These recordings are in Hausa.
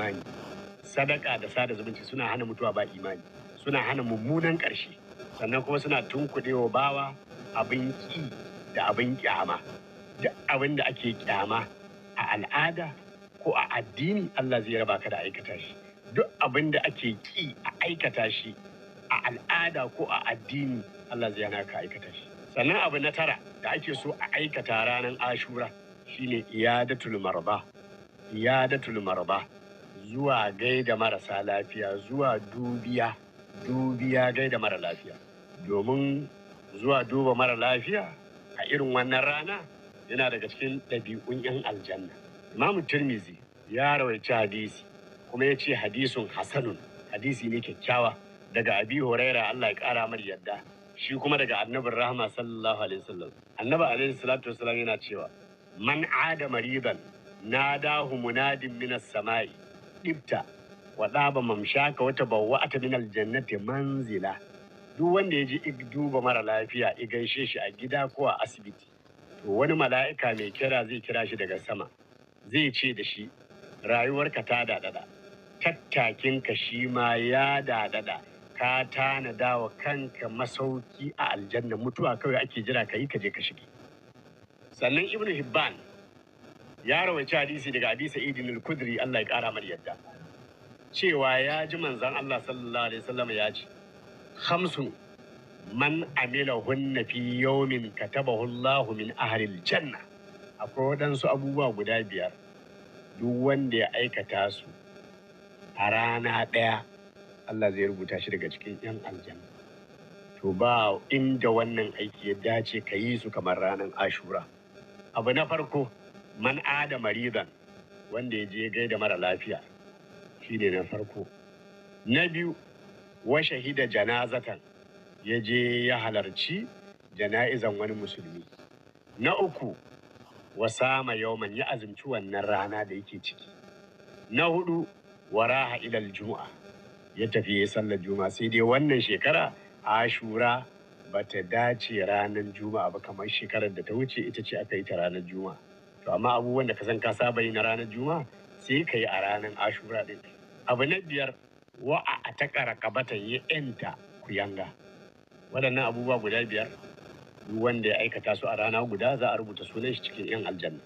imani sadaka da sada zumunci suna hana mutuwa ba imani suna hana mummunan ƙarshe sannan kuma suna tunkuɗewa bawa abin ƙi da abin ƙyama da abin da ake ƙyama a al'ada ko a addini Allah zai raba ka da aikata shi duk abin da ake ƙi a aikata shi a al'ada ko a addini Allah zai hana ka aikata shi sannan abu na tara da ake so a aikata ranar ashura shine iyadatul marba iyadatul marba zuwa gaida marasa lafiya zuwa dubiya dubiya gaida mara lafiya domin zuwa duba mara lafiya a irin wannan rana yana daga cikin ɗabi'un 'yan aljanna imamu tirmizi ya rawaici hadisi kuma ya ce hadisun hasanun hadisi ne kyakkyawa daga abi horaira allah ya ƙara mar yadda shi kuma daga annabin rahama sallallahu alaihi wasallam annabi alaihi salatu wasallam yana cewa man ada na nadahu munadin minas sama'i ɗibta wa ɗaba mamshaka wata bawwa ta min aljannati manzila duk wanda ya ji duba mara lafiya i gaishe shi a gida ko a asibiti to wani mala'ika mai kira zai kira shi daga sama zai ce da shi rayuwarka ta daɗaɗa tattakinka shi ma ya daɗaɗa ka tanada wa kanka masauki a aljanna mutuwa kawai ake jira ka yi ka je ka shige sannan ibnu hibban ya rawaici hadisi daga Abi idin al Allah ya kara mar yadda cewa ya ji manzon Allah sallallahu alaihi wasallam ya ce khamsun man amila hunna fi yawmin katabahu Allah min ahli al-janna akwai waɗansu abubuwa guda biyar duk wanda ya aikata su a rana ɗaya Allah zai rubuta shi daga cikin 'yan aljanna to ba inda wannan aiki ya dace ka yi su kamar ranar ashura abu na farko man ada maridan wanda ya je gaida mara lafiya shine na farko na biyu wa shahida janazatan ya je ya halarci jana'izan wani musulmi na uku wa sama yauman ya azumci wannan rana da yake ciki na hudu wa raha ilal juma'a ya tafi ya sallar juma'a sai dai wannan shekara ashura ba ta dace ranar juma'a ba kamar shekarar da ta wuce ita ce aka yi ta ranar juma'a to amma abubuwan da ka san ka saba yi na ranar juma'a sai ka yi a ranar ashura din abu na biyar wa'a a takara kabata ya yanta kuyanga waɗannan abubuwa guda biyar duk wanda ya aikata su a rana guda za a rubuta sunan shi cikin yan aljanna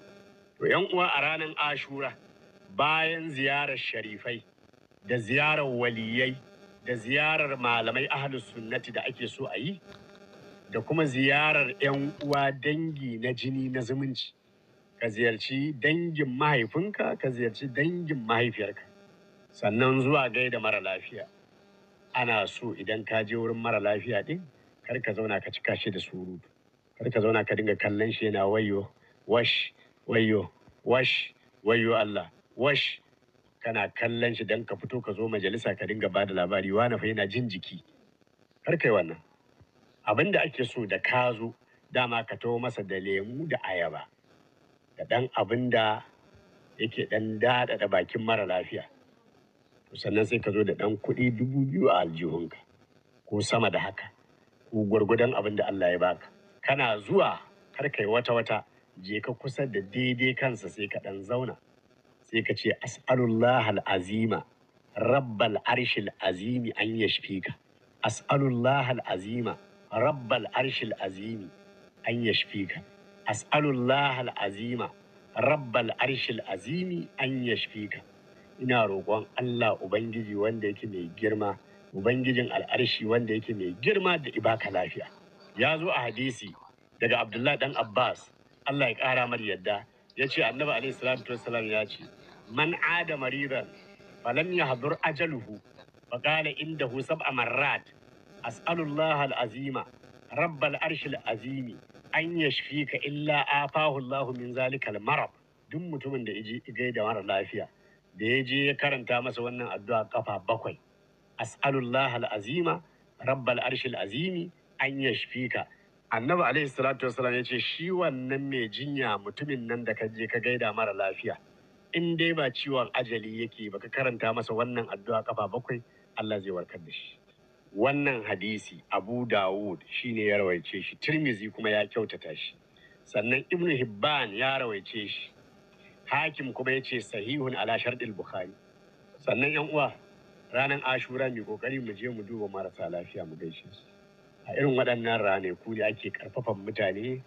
to yan uwa a ranar ashura bayan ziyarar sharifai da ziyarar waliyai da ziyarar malamai ahalus sunnati da ake so a yi da kuma ziyarar 'yan uwa dangi na jini na zumunci ka ziyarci dangin mahaifinka ka ziyarci dangin mahaifiyarka sannan zuwa gaida mara lafiya ana so idan ka je wurin mara lafiya din kar ka zauna ka cika shi da surutu kar ka zauna ka dinga kallon shi yana wayo wash wayo wash wayo Allah wash kana kallon shi dan ka fito ka zo majalisa ka dinga bada da labari wani fa yana jin jiki kar kai wannan abinda ake so da ka zo dama ka taho masa da lemu da ayaba da ɗan abin da yake ɗan daɗaɗa bakin mara lafiya to sannan sai ka zo da ɗan kuɗi dubu biyu a aljihunka ko sama da haka ko gwargwadon abin da Allah ya baka kana zuwa kar kai wata-wata je ka kusa da daidai kansa sai ka ɗan zauna sai ka ce as'alullah al'azima rabbal arshil azimi an yashfika as'alullah al'azima rabbal arshil azimi an ka. as'alullah al'azima rabbal arshil azimi an yashfika ina roƙon Allah ubangiji wanda yake mai girma ubangijin al'arshi wanda yake mai girma da ibaka lafiya ya zo a hadisi daga abdullahi dan abbas Allah ya ƙara mar yadda ya ce annabi alaihi salatu wassalam ya ce man ada mariran falam yahdur ajaluhu فقال إنه سبع مرات أسأل الله العظيم Rabbal العرش العظيم an yashfi ka illa afahu Allahu min zalikal marab duk mutumin da iji igai da mara lafiya da ya je ya karanta masa wannan addu'a kafa bakwai as'alullah al'azima rabbal Arshi azimi an yashfi ka annabi alaihi salatu wasallam ya ce shi wannan mai jinya mutumin nan da ka je ka gaida mara lafiya in dai ba ciwon ajali yake ba ka karanta masa wannan addu'a kafa bakwai Allah zai warkar da shi wannan hadisi abu dawud ne ya rawaice shi tirmizi kuma ya kyautata shi sannan ibn hibban ya rawaice shi hakim kuma ya ce sahihun ala shardil bukhari sannan yan uwa ranar ashura mai kokari mu je mu duba marasa lafiya mu gaishe su a irin waɗannan ranaku ne ake karfafan mutane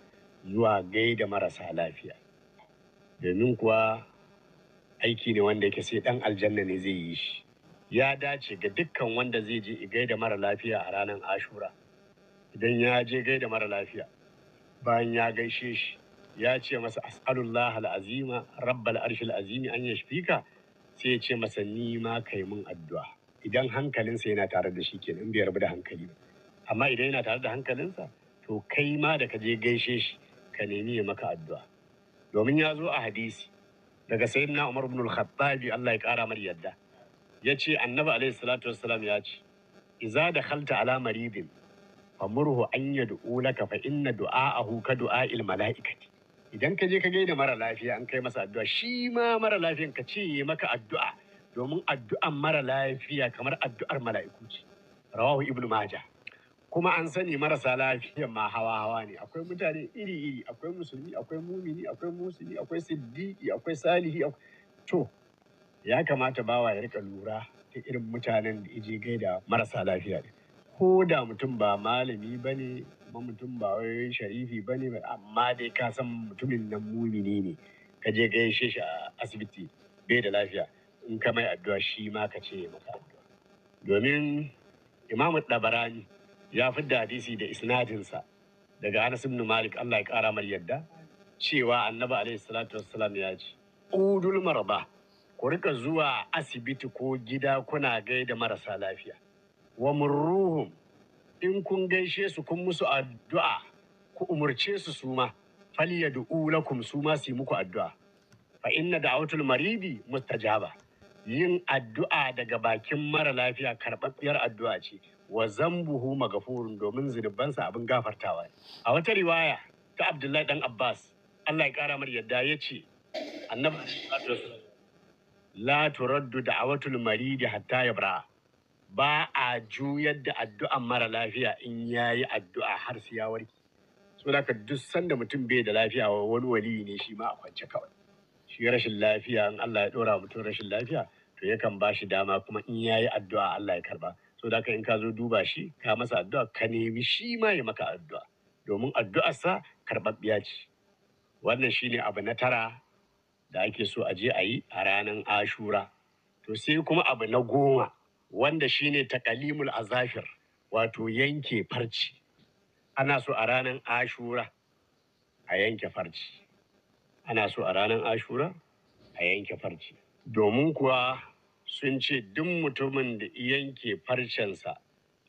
zuwa gaida marasa lafiya domin kuwa aiki ne wanda yake sai ɗan aljanna ne zai yi shi ya dace ga dukkan wanda zai je gaida mara lafiya a ranar ashura idan ya je gaida mara lafiya bayan ya gaishe shi ya ce masa as'alullah al'azima rabbal arshil azimi an yashfika sai ya ce masa ni ma kai mun addu'a idan hankalinsa yana tare da shi kenan bai rabu da hankali amma idan yana tare da hankalinsa to kai ma da ka je gaishe shi ka nemi ya maka addu'a domin ya zo a hadisi daga sayyidina umar ibn al-khattabi Allah ya kara mar yadda ya ce annaba alaihi salatu wassalam ya ce iza da khalta ala maridin murhu an yad'u laka fa inna du'a'ahu ka du'a mala'ikati idan ka je ka gaida mara lafiya an kai masa addu'a shi ma mara lafiyan ka ce maka addu'a domin addu'an mara lafiya kamar addu'ar mala'iku ce rawahu ibnu majah kuma an sani marasa lafiyan ma hawa hawa ne akwai mutane iri iri akwai musulmi akwai mumini akwai musulmi akwai siddiqi akwai salihi to ya kamata bawa ya rika lura ta irin mutanen da ije da marasa lafiya ne ko da mutum ba malami ba ne ba mutum ba wai sharifi ba ne amma dai ka san mutumin nan mumini ne ka je gaishe shi a asibiti bai da lafiya in ka mai addu'a shi ma ka ce maka addu'a domin imamu dabarani ya da hadisi da isnadinsa daga anas ibn malik Allah ya kara mai yadda cewa annabi alaihi salatu wassalam ya ce udul marba ku rika zuwa asibiti ko gida kuna gaida marasa lafiya wa murruhum in kun gaishe su kun musu addu'a ku umurce su suma falyad'u lakum suma su muku addu'a fa inna autul maridi mustajaba yin addu'a daga bakin mara lafiya karɓaɓɓiyar addu'a ce wa zambuhu magafurun domin zunubansa abin gafartawa ne a wata riwaya ta abdullahi dan abbas allah ya kara mar yadda ya ce annabi la turaddu da'awatul marid hatta yabra ba a juyar da addu'an mara lafiya in yayi addu'a har sai ya warke so da duk sanda mutum bai da lafiya wa wani wali ne shi ma a kwance kawai shi rashin lafiya in Allah ya dora mutum rashin lafiya to yakan ba shi dama kuma in yayi addu'a Allah ya karba so da in ka zo duba shi ka masa addu'a ka nemi shi ma ya maka addu'a domin addu'arsa karɓaɓɓiya ce wannan shine abu na tara da ake so a je a yi a ranar ashura to sai kuma abu na goma wanda shine takalimul azafir wato yanke farci ana so a ranar ashura a yanke farci ana so a ranar ashura a yanke farci domin kuwa sun ce duk mutumin da yanke farcensa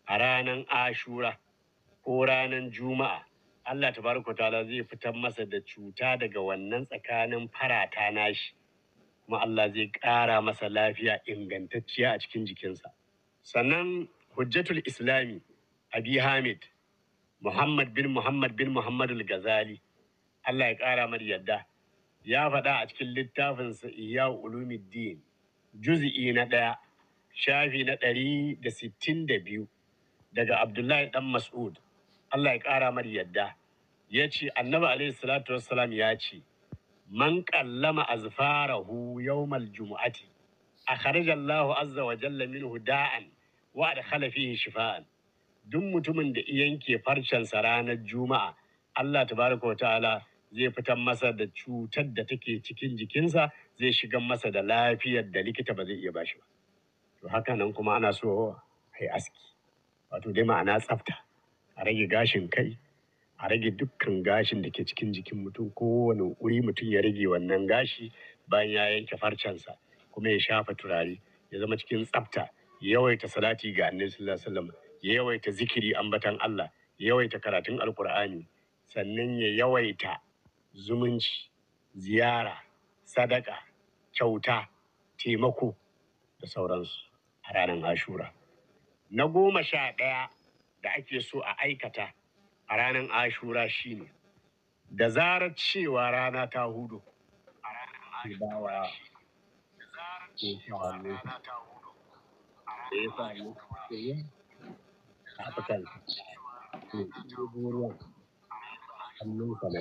a ranar ashura ko ranar juma'a Allah ta baraka ta'ala zai fitar masa da cuta daga wannan tsakanin farata nashi kuma Allah zai ƙara masa lafiya ingantacciya a cikin jikinsa sannan hujjatul islami abi hamid muhammad bin muhammad bin muhammad al-ghazali Allah ya kara mar yadda ya faɗa a cikin littafin littafinsa iya ulumuddin juz'i na ɗaya shafi na ɗari da sittin da biyu daga abdullahi ɗan mas'ud Allah ya ƙara mar yadda ya ce annabi alaihi salatu wassalam ya ce man kallama azfarahu yawmal jumu'ati akhraja Allahu azza wa jalla minhu da'an wa adkhala fihi shifa'an duk mutumin da yanke farcensa ranar juma'a Allah tabaraka wa ta'ala zai fitar masa da cutar da take cikin jikinsa zai shiga masa da lafiyar da likita ba zai iya bashi ba to haka nan kuma ana so a yi aski wato dai ma'ana tsafta a rage gashin kai a rage dukkan gashin da ke cikin jikin mutum kowane wuri mutum ya rage wannan gashi bayan ya yanke farcensa kuma ya shafa turare ya zama cikin tsafta ya yawaita salati ga annabi sallallahu alaihi wasallam ya yawaita zikiri ambatan Allah yawaita karatun alkur'ani sannan ya yawaita zumunci ziyara sadaka kyauta taimako da sauransu a ranar ashura na goma sha ɗaya da ake so a aikata a ranar ashura ne. da zarar cewa rana ta hudu a ranar da ya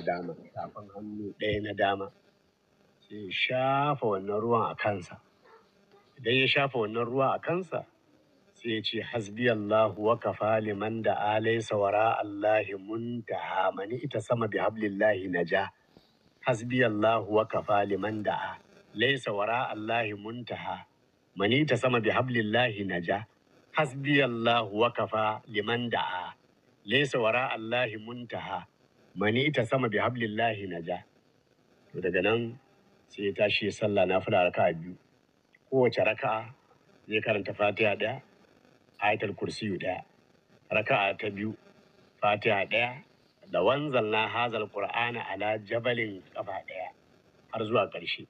da hannu ɗaya na dama Ya shafa wannan ruwan a kansa idan ya shafa wannan ruwa a kansa sai ce hasbi wa kafa liman da alai wara Allah muntaha mani ita sama bi hablillahi naja hasbi wa kafa liman da laisa wara Allah muntaha mani ita sama bi hablillahi naja hasbi Allah wa kafa liman da laisa wara Allah muntaha mani ita sama bi hablillahi naja to daga nan sai ya tashi sallah na fara raka'a biyu kowace raka'a zai karanta fatiha ɗaya ayatul kursiyu ɗaya raka'a ta biyu fatiha daya. da wanzalna hazal qur'ana ala jabalin kafa ɗaya har zuwa ƙarshe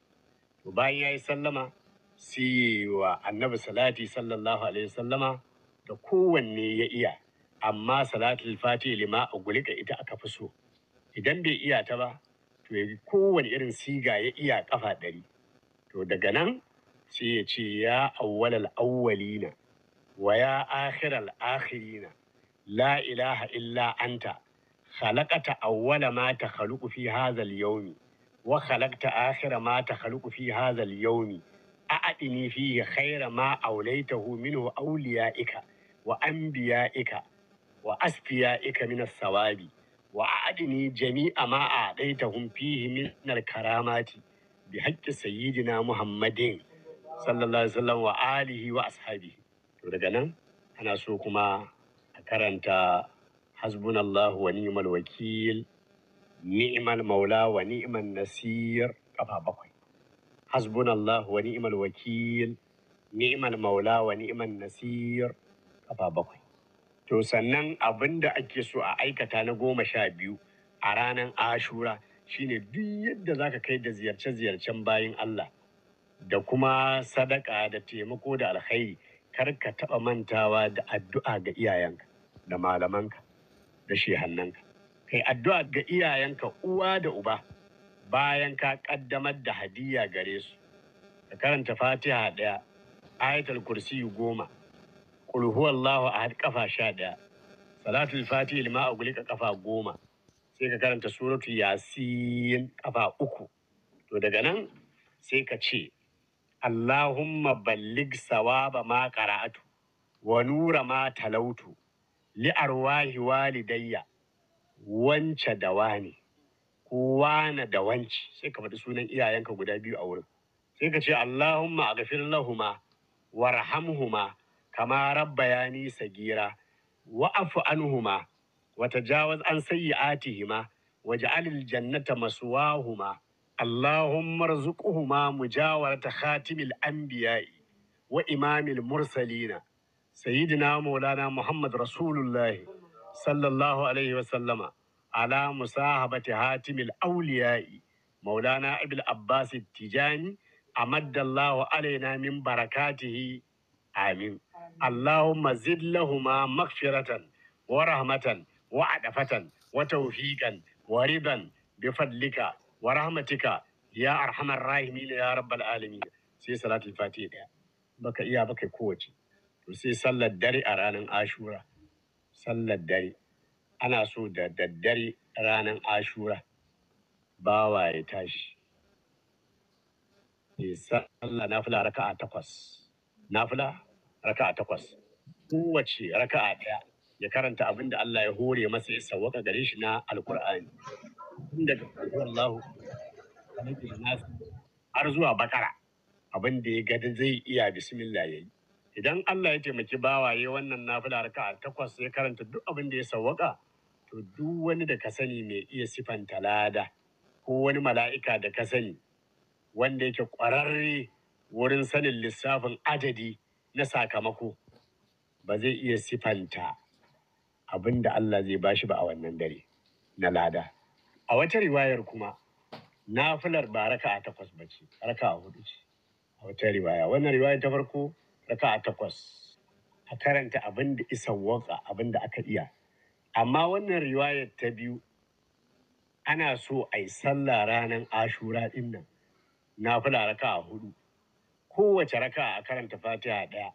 to bayan yayi sallama sai wa annabi salati sallallahu alaihi sallama da kowanne ya iya amma salatul fatiha lima a gulika ita aka fi so idan bai iya ta ba to ya kowanne irin siga ya iya kafa ɗari to daga nan sai ya ce ya awwalal awwalina ويا آخر الآخرين لا إله إلا أنت خلقت أول ما تخلق في هذا اليوم وخلقت آخر ما تخلق في هذا اليوم أأتني فيه خير ما أوليته منه أوليائك وأنبيائك وأسفيائك من الثواب وأعدني جميع ما أعطيتهم فيه من الكرامات بحق سيدنا محمد صلى الله عليه وسلم وآله وأصحابه daga nan ana so kuma a karanta hasbunallahu wa ni'mal wakil ni'mal maula wa ni'mal nasir kafa bakwai hasbunallahu wa ni'mal wakil ni'mal maula wa ni'mal nasir kafa bakwai to sannan abin da ake so a aikata na goma sha biyu a ranar ashura shine duk yadda za ka kai da ziyarce-ziyarcen bayan Allah da kuma sadaka da taimako da alkhairi kar ka taɓa mantawa da addu'a ga iyayenka da malamanka da shehannanka kai addu'a ga iyayenka uwa da uba bayan ka ƙaddamar da hadiya gare su ka karanta fatiha ɗaya ayatul kursi goma ƙulhuwallahu a ƙafa sha ɗaya salatul fatiha lima a gulika ƙafa goma sai ka karanta suratu yasin ƙafa uku to daga nan sai ka ce Allahumma ballig sawaba ma karatu. wa nura ma talautu li arwahi walidayya wance da wani Kowana da wanci sai ka faɗi sunan iyayenka guda biyu a wurin sai ka ce Allahumma aghfir lahuma warhamhuma kama rabbayani sagira wa'fu anhuma wa tajawaz an atihima. Waje alil jannata wahuma. اللهم ارزقهما مجاورة خاتم الأنبياء وإمام المرسلين سيدنا مولانا محمد رسول الله صلى الله عليه وسلم على مصاحبة هاتم الأولياء مولانا أبي العباس التجاني أمد الله علينا من بركاته آمين اللهم زد لهما مغفرة ورحمة وعدفة وتوفيقا ورضا بفضلك wa rahmatika ya arhamar rahimin ya rabbal alamin sai salatul fatiha daya baka iya baka kowace to sai sallar dare a ranar ashura sallar dare ana so da daddare ranar ashura bawa ya tashi eh, sallah nafila raka'a takwas nafila raka'a takwas kowace raka'a daya ya karanta abin da Allah ya hore masa ya sawwaka gare shi na alkur'ani tun daga lahu har zuwa bakara abin da ya gadi zai iya bismillah ya yi idan Allah ya taimaki bawaye wannan nafila raka takwas ya karanta duk abin da ya sawwaka to duk wani da ka sani mai iya sifanta lada ko wani mala'ika da ka sani wanda yake ƙwararre wurin sanin lissafin adadi na sakamako ba zai iya sifanta abin da Allah zai bashi ba a wannan dare na lada a wata riwayar kuma nafilar ba raka a takwas ba ce a hudu ce a wata riwaya wannan riwaya ta farko raka a takwas a karanta abin da isa waka abin da aka iya amma wannan riwayar ta biyu ana so a yi sallah ranar ashura din nan nafila a hudu kowace raka a karanta fatiha ɗaya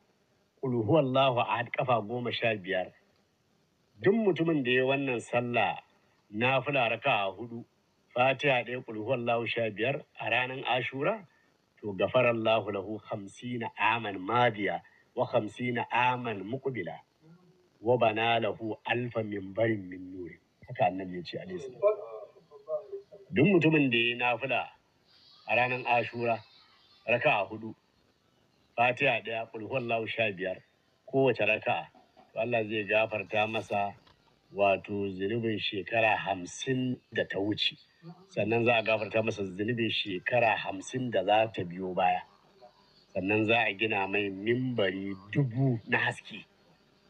kul a ahad kafa goma sha biyar duk mutumin da ya wannan sallah Na raka a hudu fatiha ɗaya ƙulhuwan lahu sha biyar a ranar ashura to gafarar lahu lahu hamsina aman madiya wa hamsina aman muqbila wa bana lahu alfa min barin min nuri haka annabi ya ce alaihi duk mutumin da ya fula a ranar ashura raka a hudu fatiha ɗaya ƙulhuwan lahu sha biyar kowace raka'a to Allah zai gafarta masa wato zunubin shekara hamsin da ta wuce sannan za a gafarta masa zunubin shekara hamsin da za ta biyo baya sannan za a gina mai mimbari dubu na haske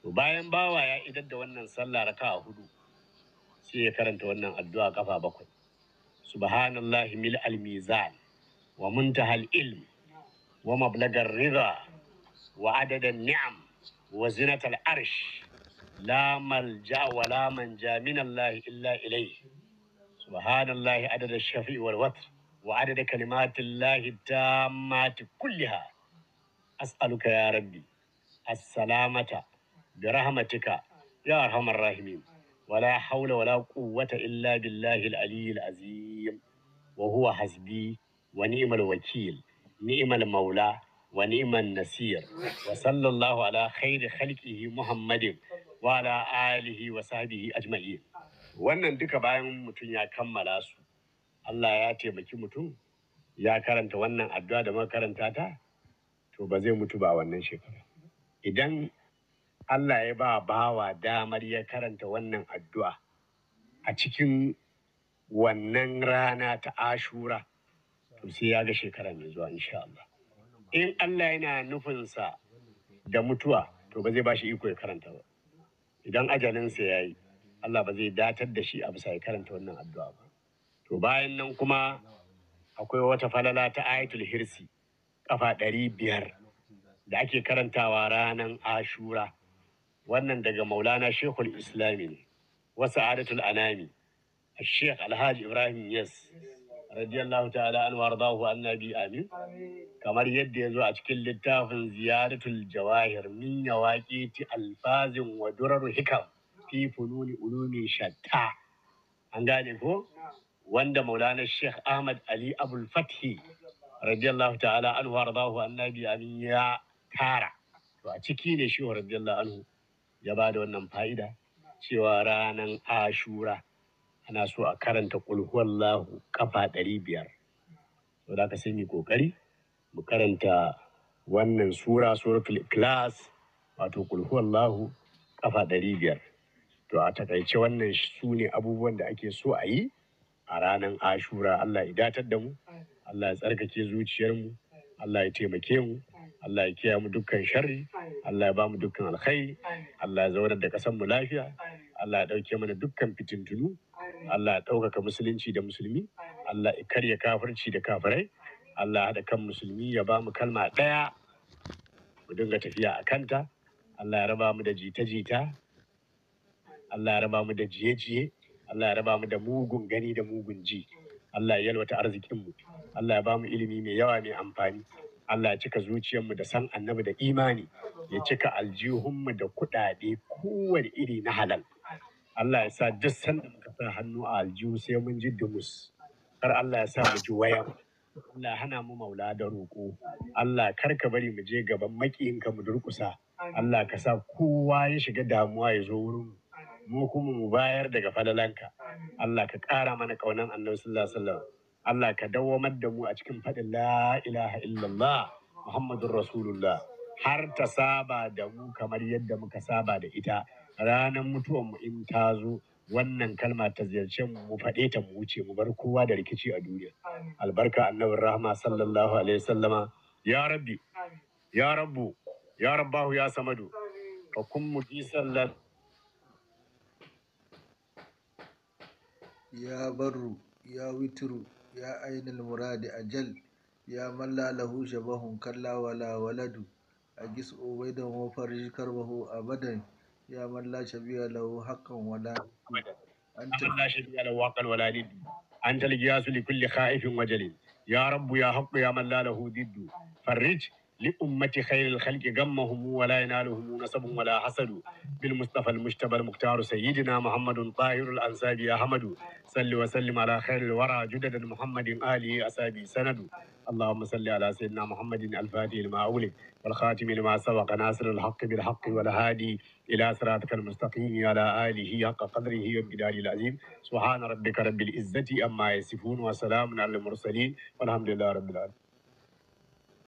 to bayan bawa ya idar da wannan sallah raka hudu sai ya karanta wannan addu'a kafa bakwai Subhanallah mil al-mizan wa muntahal ilm wa mablagar rida wa adadan ni'am wa zinatal arsh Lamar malja wa la manja min Allah illa ilayhi subhanallahi adada shafi'i wal wa adada kalimatillahi tammati kulliha as'aluka ya rabbi asalamata da rahmatika ya arhamar rahimin wala haula wala quwwata illa billahi al-aliyyil azim wa huwa hasbi wa ni'mal wakil ni'mal maula wa ونعم النسير وصلى الله على خير خلقه Muhammadin. Wala alihi wa sahbihi ajma'in wannan duka bayan mutum ya kammala su Allah ya taimaki mutum ya karanta wannan addu'a da karanta ta to ba zai mutu ba wannan shekara idan Allah ya ba bawa damar ya karanta wannan addu'a a cikin wannan rana ta ashura to sai ya ga shekaran mai zuwa insha Allah in Allah yana nufinsa da mutuwa to ba zai ba shi iko ya karanta ba idan ajalinsa ya yi Allah ba zai datar da shi a bisa ya karanta wannan addu'a ba to bayan nan kuma akwai wata falala ta ayatul hirsi kafa ɗari biyar da ake karantawa ranar ashura wannan daga maulana shekul islami ne wasu adatul anami الشيخ Alhaji Ibrahim Yes. radiyallahu ta'ala an wardahu an amin kamar yadda ya zo a cikin littafin ziyaratul jawahir min yawaqiti alfazin wa duraru hikam fi fununi ulumi shatta an gane ko wanda maulana sheikh ahmad ali abul fathi radiyallahu ta'ala an wardahu an amin ya tara to a ciki ne shi radiyallahu anhu ya bada wannan fa'ida cewa ranar ashura ana so a karanta ƙulhuwallahu kafa ɗari biyar so da ka sai mu kokari mu karanta wannan sura suratul ikhlas wato ƙulhuwallahu kafa ɗari biyar to a taƙaice wannan su ne abubuwan da ake so a yi a ranar ashura allah ya datar da mu allah ya tsarkake zuciyarmu allah ya taimake mu Allah ya kiyaye mu dukkan sharri, Allah ya ba mu dukkan alkhairi, Allah ya zaunar da ƙasar mu lafiya, Allah ya ɗauke mana dukkan fitintunu. Allah ya ɗaukaka musulunci da musulmi Allah ya karya kafirci da kafirai Allah ya haɗa kan musulmi ya ba mu kalma ɗaya mu dinga tafiya a kanta Allah ya raba mu da jita-jita Allah ya raba mu da jiye-jiye Allah ya raba mu da mugun gani da mugun ji Allah ya yalwata arzikinmu Allah ya ba mu ilimi mai yawa mai amfani Allah ya cika zuciyarmu da san annabi da imani ya cika aljihunmu da kuɗaɗe kowane iri na halal Allah ya sa duk san sa hannu a aljihu sai mun ji dumus kar Allah ya sa mu ji waya Allah hana mu maula da roƙo Allah kar ka bari mu je gaban makiyinka mu durƙusa Allah ka sa kowa ya shiga damuwa ya zo wurin mu kuma mu bayar daga falalanka. Allah ka ƙara mana ƙaunan annabi sallallahu alaihi wasallam. Allah ka dawwamar da mu a cikin faɗin la ilaha illallah Muhammadur Rasulullah har ta saba da mu kamar yadda muka saba da ita ranar mutuwan mu in ta zo wannan kalma ta ziyarce mu faɗe ta mu wuce mu bar kowa da rikici a duniya albarka annabin rahama, sallallahu alaihi sallama ya rabbi ya rabbu ya rabbahu ya samadu fa kun mu ji sallar ya barru ya witru ya ainul muradi ajal ya malla lahu shabahun kalla wala waladu a gis obaidan wa farji karbahu abadan يا من لا شبيه له حقا ولا أنت من لا شبيه له حقا ولا ند أنت القياس لكل خائف وجليل يا رب يا حق يا من لا له ضد فرج لأمة خير الخلق قمهم ولا ينالهم نسب ولا حسد بالمصطفى المجتبى المختار سيدنا محمد طاهر الأنساب يا حمد صل وسلم على خير الورى جدد محمد آله أسابي سند اللهم صل على سيدنا محمد الفاتح لما أولد والخاتم لما سبق ناصر الحق بالحق والهادي إلى صراطك المستقيم على آله حق قدره وبداله العظيم سبحان ربك رب العزة أما يصفون وسلام على المرسلين والحمد لله رب العالمين